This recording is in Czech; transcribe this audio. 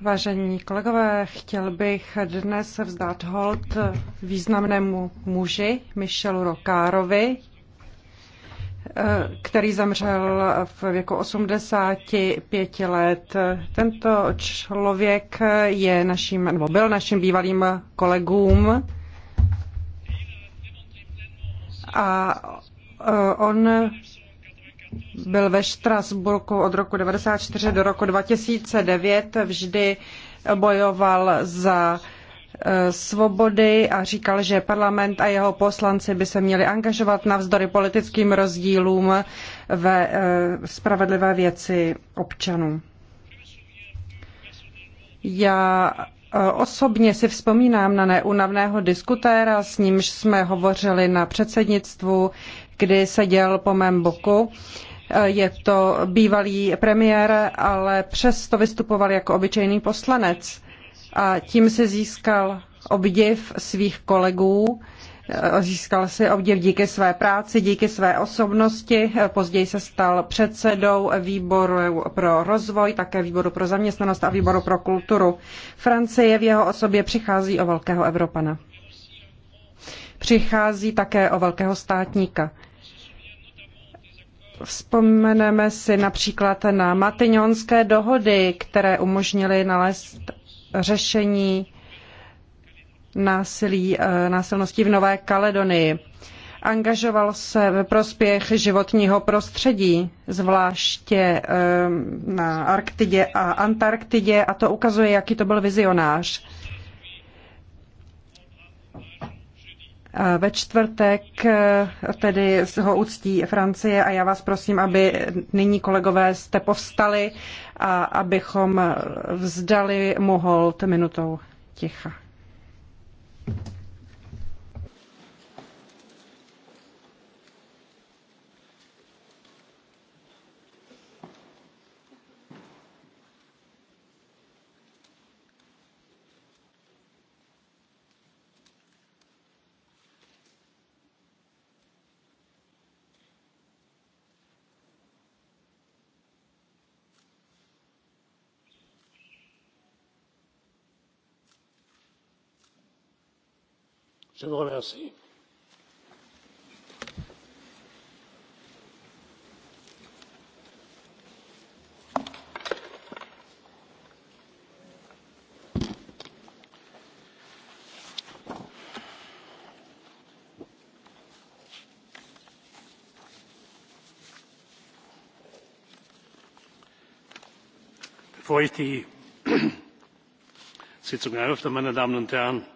Vážení kolegové, chtěl bych dnes vzdát hold významnému muži Michelu Rokárovi, který zemřel v věku 85 let. Tento člověk je naším, nebo byl naším bývalým kolegům a e, on byl ve Štrasburku od roku 1994 do roku 2009, vždy bojoval za eh, svobody a říkal, že parlament a jeho poslanci by se měli angažovat navzdory politickým rozdílům ve eh, spravedlivé věci občanů. Já Osobně si vzpomínám na neunavného diskutéra, s nímž jsme hovořili na předsednictvu, kdy seděl po mém boku. Je to bývalý premiér, ale přesto vystupoval jako obyčejný poslanec a tím si získal obdiv svých kolegů, Získal si obdiv díky své práci, díky své osobnosti. Později se stal předsedou výboru pro rozvoj, také výboru pro zaměstnanost a výboru pro kulturu. Francie v jeho osobě přichází o velkého Evropana. Přichází také o velkého státníka. Vzpomeneme si například na Matyňonské dohody, které umožnily nalézt řešení násilí, eh, násilností v Nové Kaledonii. Angažoval se ve prospěch životního prostředí, zvláště eh, na Arktidě a Antarktidě, a to ukazuje, jaký to byl vizionář. Eh, ve čtvrtek tedy ho uctí Francie a já vás prosím, aby nyní kolegové jste povstali a abychom vzdali mu hold minutou ticha. je vous remercie. bevor ich die sitzung eröffne meine damen und herren